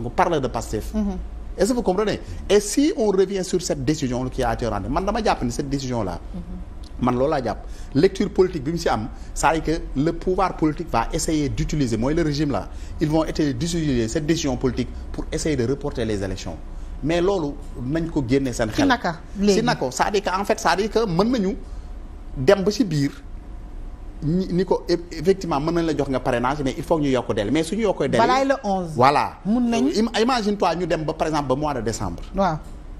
donc parle de Pastef mhm. est-ce que vous comprenez et si on revient sur cette décision qui a été man dama jàpp ni cette décision là mhm. man loolu laa jàpp lecture politique bi mu si am c'est-à-dire le pouvoir politique va essayer d'utiliser mooy le régime là ils vont essayer d'utiliser cette décision politique pour essayer de reporter les élections mais loolu nañ ko génne seen xel si naka c'est-à-dire que en fait c'est-à-dire mën nañu dem ba si biir ni ko effectivement mën nañ la jox nga parrainage mais il faut ñu yokk del mais suñu yokkoo del balaay la 11 voilà mun nañ imagine toi ñu dem ba par exemple ba mois de décembre waaw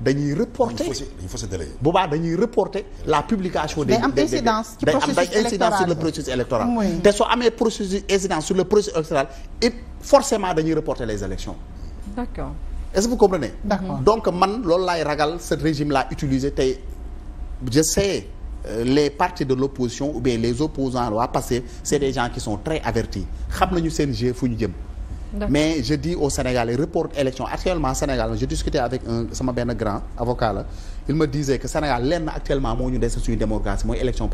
dañuy reporter dañuy boobaa dañuy reporter la publication. des am incidence ci processus électoral day am incidence sur le processus électoral. te soo amee processus incidence sur le processus électoral it forcément dañuy reporter les élections. d'accord est-ce que vous comprenez. donc man loolu laay ragal ce régime laa utilisé tey je sais. Euh, les partis de l'opposition ou bien les opposants waa Pastef c'est des gens qui sont très avertis xam nañu seen jeu fu ñu jëm mais je dis aux Sénégalais report élection actuellement Sénégal je discutais avec un sama benn grand avocat la il me disait que Sénégal lenn actuellement moo ñu dese suñu démocratie mooy élection